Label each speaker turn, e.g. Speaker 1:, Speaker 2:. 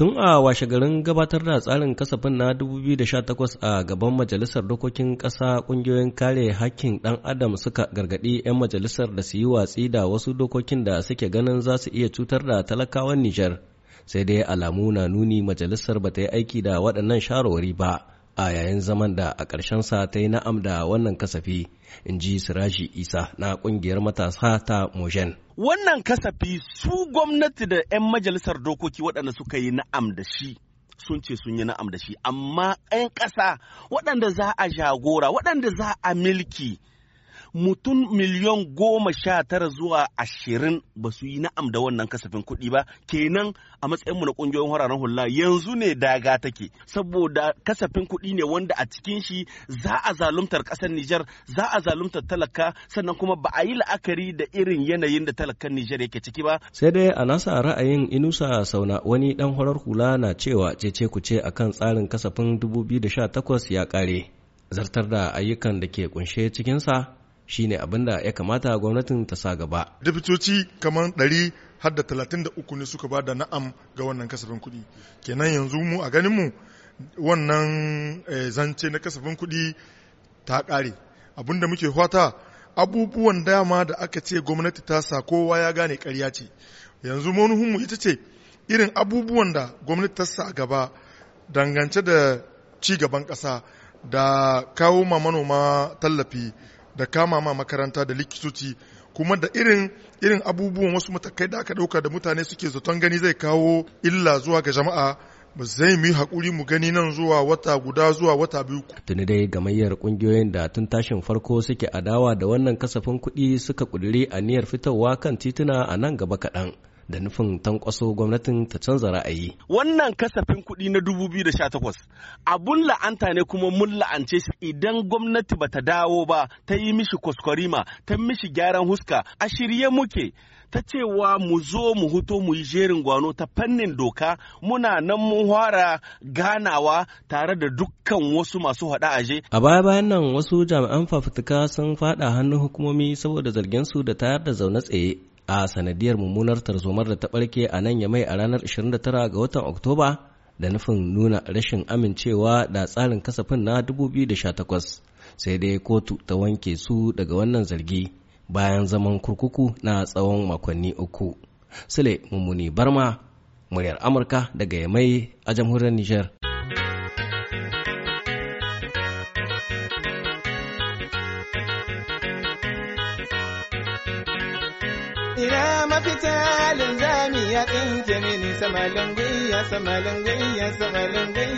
Speaker 1: Tun a washe garin gabatar da tsarin kasafin na 2018 a gaban Majalisar Dokokin Ƙasa ƙungiyoyin kare hakkin ɗan Adam suka gargaɗi 'yan majalisar da su yi watsi da wasu dokokin da suke ganin za su iya cutar da talakawan Nijar. Sai dai alamu na nuni majalisar ba ta yi aiki da waɗannan shawarwari ba, a yayin zaman da a sa ta yi na'am da wannan kasafi in ji Siraji Isa na ƙungiyar matasa ta Mojen.
Speaker 2: Wannan kasafi su gwamnati da 'yan majalisar dokoki waɗanda suka yi na'am da shi sun ce sun yi na'am da shi amma 'yan ƙasa waɗanda za a jagora waɗanda za a milki mutum miliyon goma sha tara zuwa ashirin ba su yi na'am da wannan kasafin kuɗi ba kenan a matsayinmu na ƙungiyoyin wararen hula yanzu ne daga take saboda kasafin kuɗi ne wanda a cikin shi za a zaluntar ƙasar Nijar za a zaluntar talaka sannan kuma ba a yi la'akari da irin yanayin da talakan Nijar yake ciki ba.
Speaker 1: Sai dai a nasa ra'ayin Inusa Sauna wani ɗan horar hula na cewa cece kuce akan tsarin kasafin 2018 ya kare. Zartar da ayyukan da ke ƙunshe cikinsa shine abin da ya kamata gwamnatin ta sa gaba.
Speaker 3: Dabitoci kamar ɗari har da talatin da uku ne suka ba da na'am ga wannan kasafin kuɗi. Kenan yanzu mu a ganin mu wannan eh, zance na kasafin kuɗi ta ƙare. Abin da muke fata abubuwan dama da aka ce gwamnati ta sa kowa ya gane ƙarya ce. Yanzu manuhunmu ita ce irin abubuwan da gwamnati ta sa gaba dangance da ci gaban ƙasa da kawo ma manoma tallafi da kama ma makaranta da likitoci kuma da irin irin abubuwan wasu matakai da aka dauka da mutane suke zaton gani zai kawo illa zuwa ga jama'a ba zai mu mu gani nan zuwa wata guda zuwa wata biyu.
Speaker 1: Tuni dai gamayyar ƙungiyoyin da tun tashin farko suke adawa da wannan kasafin kuɗi suka ƙudiri niyyar fitowa kan tituna a nan gaba kaɗan. da nufin tankwaso gwamnatin ta canza ra'ayi.
Speaker 2: Wannan kasafin kuɗi na 2018 abun la'anta ne kuma mun la'ance shi idan gwamnati ba ta dawo ba ta yi mishi kwaskwarima ta mishi gyaran huska a shirye muke ta cewa mu zo mu huto mu yi jerin gwano ta fannin doka muna nan mun fara ganawa tare da dukkan wasu masu haɗa aje.
Speaker 1: A baya bayan nan wasu jami'an fafutuka sun faɗa hannun hukumomi saboda zargin su da tayar da zaune tsaye a sanadiyar mummunar tarzomar da ta ɓarke a nan ya mai a ranar 29 ga watan Oktoba da nufin nuna rashin amincewa da tsarin kasafin na 2018 sai dai kotu ta wanke su daga wannan zargi bayan zaman kurkuku na tsawon makonni uku. Sule Mummuni Barma, muryar Amurka daga ya mai a jamhuriyar Nijar. ina mafita linzami ya tsinke mini samalin gwiya samalin gwiya samalin gwiya